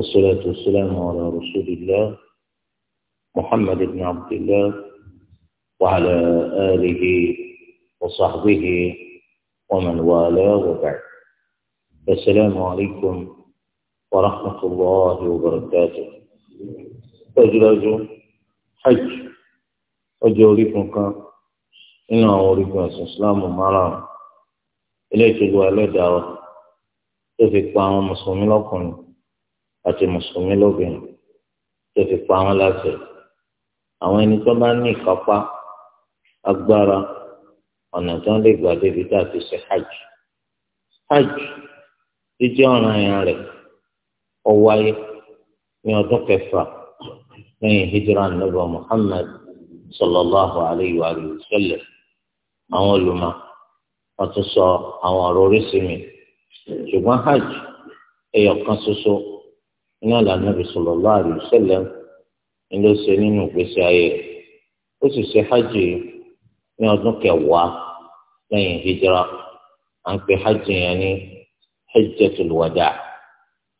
والصلاة والسلام على رسول الله محمد بن عبد الله وعلى آله وصحبه ومن والاه وبعد السلام عليكم ورحمة الله وبركاته أجراج حج أجوريكمك كان إن أوريكم السلام ومعلا إليك الوالد دعوة تفك بعض المسلمين لكم àti mùsùlùmí lóbìnrin tó fi pa wọn láṣẹ àwọn ẹni tó bá ní ìkápá agbára ọ̀nà tó ń lè gbà débi tá a ti ṣe hajj hajj jíjẹ́ ọ̀ràn ẹ̀yàn rẹ̀ ó wáyé ní ọdún kẹfà lẹ́yìn sallallahu alayhi wa sallam àwọn tún sọ àwọn ọ̀rọ̀ mi ṣùgbọ́n iná lànàbì sallallahu alaihi wasallam ni ló ṣe nínú ìgbésí ayé rẹ ó sì ṣe hajj ní ọdún kẹwàá hijira à ń pe hajj yẹn ní wada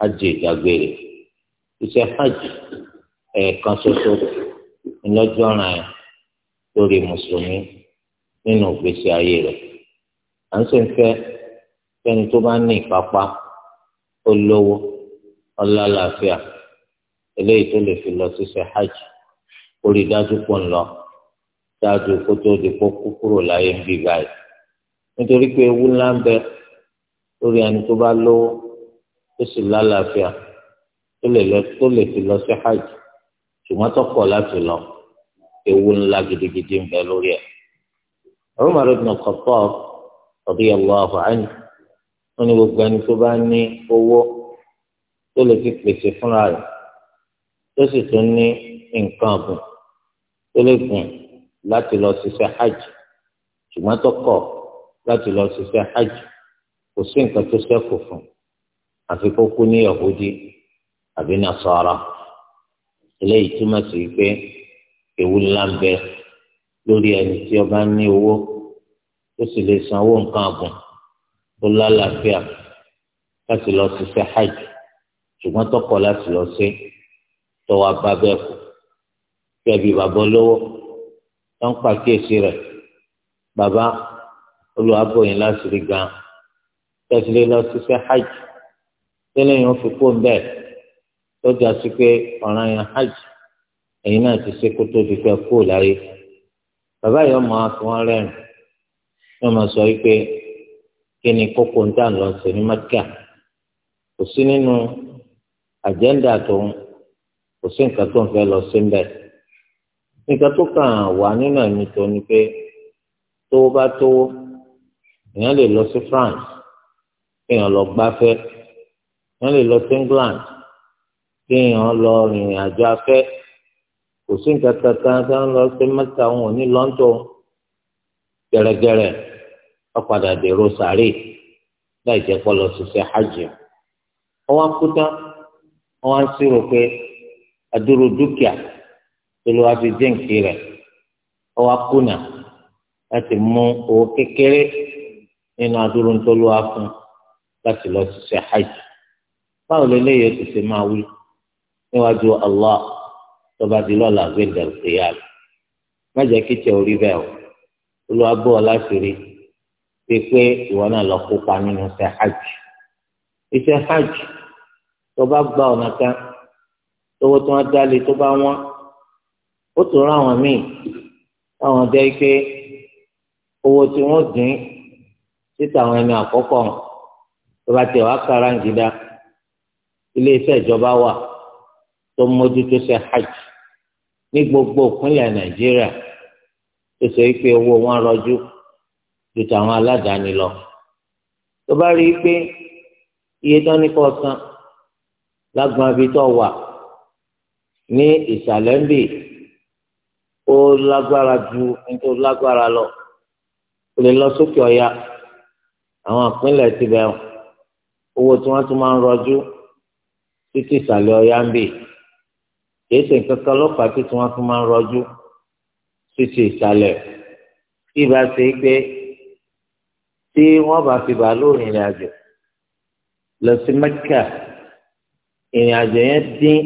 hajj ìdágbére iṣẹ́ hajj kan ṣoṣo ńlọ́jọ́ ọ̀ràn yẹn lórí mùsùlùmí nínú ìgbésí ayé rẹ̀ à ń ṣe mfe tó bá ní ìpápá ó lówó. ọlá làáfíà eléyìí tó lè fi lọ ṣíṣe hajj ó rí dájú pọ̀ ń lọ dájú kó tó di kó kú kúrò láyé ń bí báyìí nítorí pé ewu ńlá ń bẹ lórí ẹni tó bá lówó tó sì lálàáfíà tó lè fi lọ sí hajj ṣùgbọ́n tó kọ̀ láti lọ ewu ńlá gidigidi ń bẹ lórí ẹ̀. Umar ibn al-Khattab radiyallahu anhu wọn ni gbogbo ẹni tó bá ní owó tó lè fi pèsè fúnra rẹ̀ tó sì tún ní nǹkan ọ̀gùn tó lè gùn láti lọ ṣiṣẹ́ hajj ṣùgbọ́n tó kọ̀ láti lọ ṣiṣẹ́ hajj kò sí nǹkan tó ṣẹ́kù fún àfi kó kú ní yahudi àbí nasara eléyìí túmọ̀ sí pé ewu ńlá ń bẹ lórí ẹni tí ó bá ní owó tó sì lè sanwó nǹkan ọ̀gùn tó lálàáfíà láti lọ ṣiṣẹ́ hajj ṣùgbọ́n tọkọ láti lọ sí tọwọ́ abábẹ́ kù kẹbi bàbá lọ́wọ́ tó ń pàkíyèsí rẹ̀ bàbá olùwàbọ̀yìn láti rí gan tẹ̀sílẹ̀ lọ síṣẹ́ hajj tẹ́lẹ̀ yẹn fi kó bẹ́ẹ̀ lọ́jà sí pé ọ̀ràn yẹn hajj ẹ̀yin náà ti ṣe kó tó di pé kó láyé bàbá yìí ọmọ àfi wọn rẹ́rìn ní ọmọ sọ wípé kí ni kókó ń dà lọ sí ní mẹ́kà kò sí nínú àjẹ́ńdà tòun kò sí nǹkan tó ń fẹ́ lọ sí mbẹ́ nǹkan tó kàn wá nínú ẹ̀mí tó ni pé tówó bá tówó èèyàn lè lọ sí France kéèyàn lọ gbáfẹ́ èèyàn lè lọ sí England kéèyàn lọ rìnrìn àjò afẹ́ kò sí nǹkan kankan tó ń lọ sí mẹ́ta wọn ní lọ́ńtọ̀ gẹ́rẹ́gẹ́rẹ́ ọ̀padà dèrò sàárè láì jẹ́ pọ́ lọ sí ṣe ọwọ́ akúta wọn á sì rò pé àdúró dúkìá pẹ̀lú àfijẹ́ǹkì rẹ̀ ọwọ́ kùnà láti mú owó kékeré nínú àdúró ntọ́lúwa fún láti lọ ṣiṣẹ́ hajj báwo lélẹ́yìí ó ti ṣe máa wí níwájú Allah tọba di lọ́la gbẹ̀dẹ̀rù ìyáàlú má jẹ́ kí tẹ orí bẹ́ẹ̀ o olúwa bọ́ ọ láti rí i pé ìwọ náà lọ kópa nínú iṣẹ́ hajj iṣẹ́ hajj tó bá gba ọ̀nà kan owó tí wọ́n dá lé tó bá wọ́n ó tún rán àwọn míì táwọn jẹ́ pé owó tí wọ́n dín títà àwọn ẹni àkọ́kọ́ tó bá tẹ̀ wá karangida ilé iṣẹ́ ìjọba wà tó mójútó ṣe hajj ní gbogbo ìpínlẹ̀ nàìjíríà tó ṣe pé owó wọn rọjú ju tàwọn aládàáni lọ tó bá rí i pé iye tán ní kò san lágbọn abitọ wà ní ìsàlẹ̀ ń bì ó lágbára ju nítorí lágbára lọ ó lè lọ sókè ọ̀ya àwọn àpínlẹ̀ ti bẹ̀ owó tí wọ́n tún máa ń rọjú títí ìsàlẹ̀ ọ̀ya ń bì kìí ṣe nǹkan kan lọ́pàá títí wọ́n tún máa ń rọjú títí ìsàlẹ̀ tí ìbá ṣe é pé tí wọ́n bá fi bàálù rìnrìn àjò lọ sí Mẹ́kà ìrìn àjò yẹn dín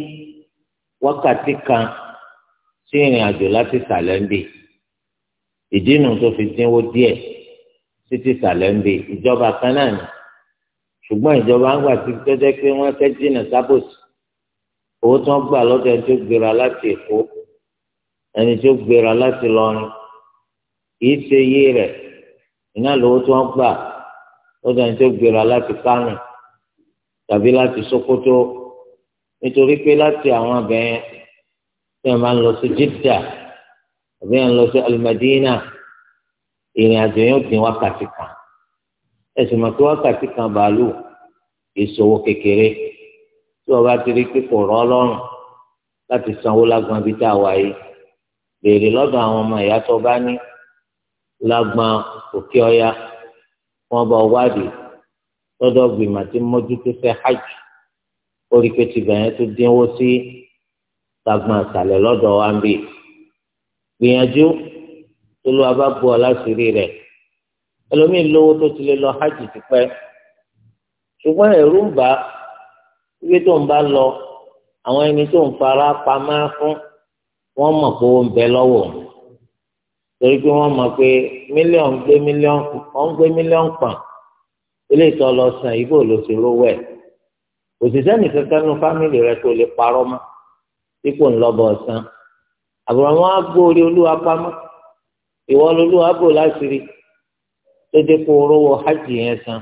wákàtí kan sí ìrìn àjò láti sàlẹ̀ǹbì ìdínú tó fi dínwó díẹ̀ sí ti sàlẹ̀ǹbì ìjọba kan náà ni ṣùgbọ́n ìjọba ń gbà tí tọ́jọ́ pé wọ́n fẹ́ jìnnà sábòsì owó tí wọ́n gbà lọ́dọ̀ ẹni tó gbéra láti Èkó ẹni tó gbéra láti lọrin kìí ṣe iye rẹ̀ iná lówó tí wọ́n gbà lọ́dọ̀ ẹni tó gbéra láti Kánò tàbí láti Sókótó nítorí pé láti àwọn abẹ́yẹn tí wọ́n máa ń lọ sí Jeddah àbí wọ́n lọ sí Al-Madina ìrìn àjò yẹn ó dín wákàtí kan ẹ̀sìn mọ̀ pé wákàtí kan bàálù ìṣòwò kékeré tí wọ́n bá ti rí pé kò rọ́ lọ́rùn láti sanwó lágbọn ibi tá a wà yìí béèrè lọ́dọ̀ àwọn ọmọ ìyá tó bá ní lágbọn òkè ọya wọ́n bá wádìí lọ́dọ̀ gbìmọ̀ tí mójútó fẹ́ hajj orí pé tibẹ̀ yẹn tó dínwó sí gbàgbọ́n àtàlẹ́ lọ́dọ̀ wa ń bì gbìyànjú tó ló abá bu ọ láṣìírí rẹ̀ ẹlòmíín lówó tó ti lè lọ hajj tipẹ́ ṣùgbọ́n ẹ̀rù ń bà ibi tó ń bá lọ àwọn ẹni tó ń fara pamọ́ fún wọ́n mọ̀ pé ó ń bẹ lọ́wọ́ torí pé wọ́n mọ̀ pé mílíọ̀nù gbé mílíọ̀nù ọ̀n gbé mílíọ̀nù pọ̀n ilé ìtọ́ lọ sàn ìbò ló ti rówó ẹ̀ òṣìṣẹ́ nìkan kan nu fámìlì rẹ tó lè parọ́ mọ́ ipò ńlọ́bọ̀ ọ̀sán àbùrọ̀ wọn á gbóore olúwa pamọ́ ìwọ lolúwa bò láṣìírí tó dé kó rówó hajj yẹn san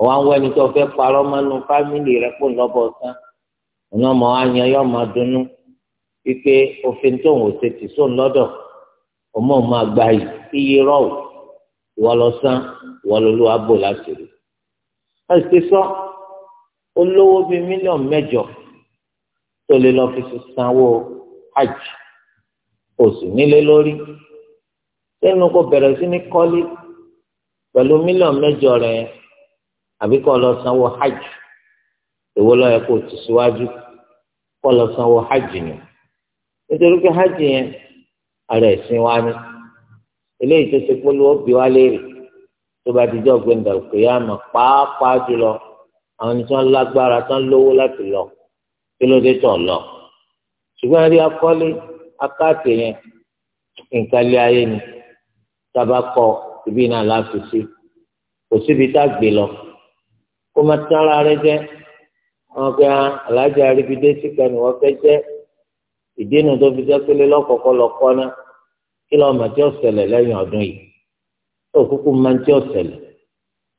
ọ̀wá ń ẹni tó fẹ́ parọ́ mọ́ nu fámìlì rẹ pò ńlọ́bọ̀ ọ̀sán ọ̀nà ọmọ wa yan yọ ọmọ dunnú wípé òfin tó ń wòṣe tì sóun lọ́dọ̀ ọmọ ọmọ àgbà iye rọ́ọ̀ ìwọ lọ ìwọ lolúwa bò láṣìírí. ẹ ti sọ. So, olówó bíi mílíọ̀nù mẹ́jọ tó lè lọ fi sanwó hajj oṣù nílé lórí sẹ́nu kò bẹ̀rẹ̀ sí ní kọ́lé pẹ̀lú mílíọ̀nù mẹ́jọ rẹ̀ àbí kọ́ lọ sanwó hajj èwo ló kó tù síwájú kọ́ lọ sanwó hajj ni nítorí pé hajj yẹn ara ẹ̀sìn wa ni eléyìí tó ṣe polówó bí wá léèrè tó bá dijọ́ gbẹ̀ndàlùkọ́ yá mọ̀ pàápàá jùlọ àwọn ẹni tí wọ́n lágbára tí wọ́n lówó láti lọ kí ló dé tàn lọ ṣùgbọ́n rí akọ́lé akáàtì yẹn nǹkan lé ayé ni tába kọ ibi náà láti sí kò síbi tá a gbé lọ kó má tára rẹ jẹ wọn pe ah, alájà aríbidé síkà ni wọn fẹ́ jẹ ìdínà tó fi jẹ lọkọọkọ lọ kọ náà kí lọ mà tí ó ṣẹlẹ̀ lẹ́yìn ọdún yìí tó kúkú má tí ó ṣẹlẹ̀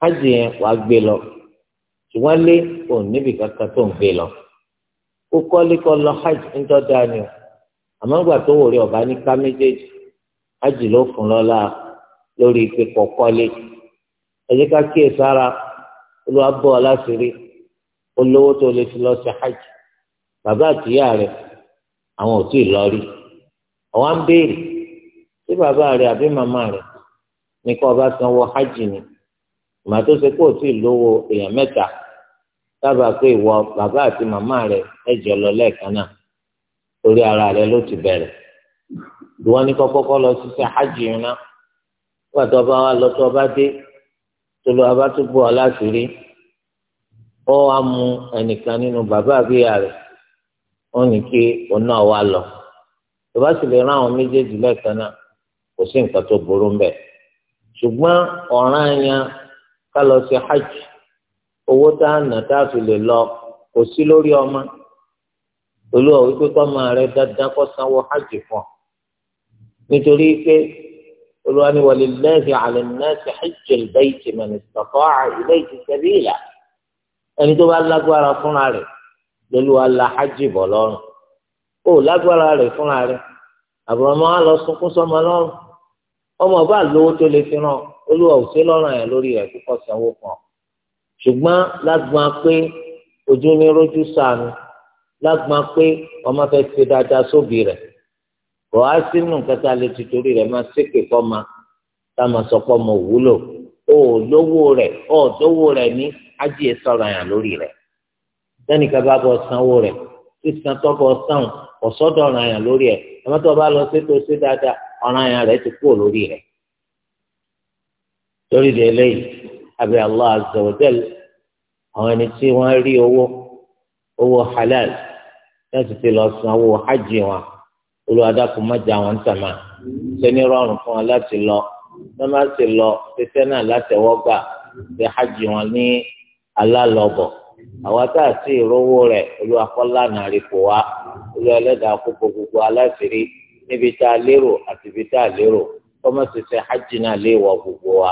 ájì yẹn wàá gbé lọ ṣùgbọ́n lé òun níbi kankan tó ń gbé lọ ó kọ́lé kọ́ lọ hajj ńtọ́ daniel. o àmọ́ ìgbà tó wòlé ọ̀bá ní ká méjèèjì hajj ló fún lọ́la lórí ipe kọ́ kọ́lé ẹ jẹ́ ká kíyè sára olúwa bọ́ ọ olówó tó lè fi lọ sí hajj bàbá àtìyá rẹ àwọn ò tí ì lọ rí ọwọ́ ń béèrè tí bàbá rẹ àbí màmá rẹ ní kó ọba sanwó hajj ni ìmọ̀ tó ṣe kó ò tí ì lówó èèyàn mẹ́ta sábà pé ìwọ bàbá àti màmá rẹ ẹjọ lọ lẹ́ẹ̀kan náà torí ara rẹ ló ti bẹ̀rẹ̀ ìwọ ní kọ́kọ́kọ́ lọ ṣiṣẹ́ hajj yìí ná wà tó bá wà lọ tó bá dé tó lọ bá tó bọ̀ láti rí ó wá mú ẹnìkan nínú bàbá àbíyá rẹ ó ní kí òun náà lọ tó bá sì lè rán àwọn méjèèjì lẹ́ẹ̀kan náà kò sí nǹkan tó burú ń bẹ̀ ṣùgbọ́n ọ̀ranyàn ká lọ ṣe hajj. owó tá a nà tá fi lè lọ kò sí lórí ọmọ olúwa wípé rẹ sanwó hajj fún ọ nítorí pé olúwa ni walillahi ala nnasi hajjal bayti man istata'a ilayhi sabila ẹni tó bá lágbára fúnra rẹ lọ́lúwa ala hajj bọ̀ lọ́rùn ó lágbára fúnra á lọ sunkún sọmọ lọ́rùn ọmọ lówó tó lè fi ràn sí lọ́rùn lórí kíkọ́ sanwó fún ọ ṣùgbọ́n lágbọn pé ojú ní rojú sànù lágbọn pé ọmọ fẹẹ ṣe dáadáa sóbì rẹ kò á sínú kẹta lè ti torí rẹ máa ṣépè fọmọ tá a máa sọ pé ọmọ òwúlò ó lówó rẹ ó dówó rẹ ní ajíye sọ̀rọ̀ yàn lórí rẹ lẹ́nìkan bá bọ̀ sanwó rẹ sísan tọ́bọ̀ sàn ọ̀sọ́dọ̀ ọ̀ràn yàn lórí ẹ̀ ẹ̀mọ́ tó bá lọ sétò sí dáadáa ọ̀ràn yàn rẹ̀ ti kúrò lórí rẹ̀. torí de eléyìí abẹ Allah azza wa jal àwọn ẹni tí wọ́n rí owó owó halal láti fi lọ san owó hajj wọn olùwàdàkùn mọjà wọn tàmà sẹni rọrùn fún wọn láti lọ wọ́n máa ti lọ tẹsẹ náà látẹwọgbà fi hajj wọn ní alálọbọ àwọn tá a sì rówó rẹ̀ olùwàkọlànà àríkò wa olùwàlẹdàá kó gbogbo aláṣìírí níbi tá a lérò àti ibi tá a lérò kọ́mọ́sí ṣe hajj náà léèwọ̀ gbogbo wa.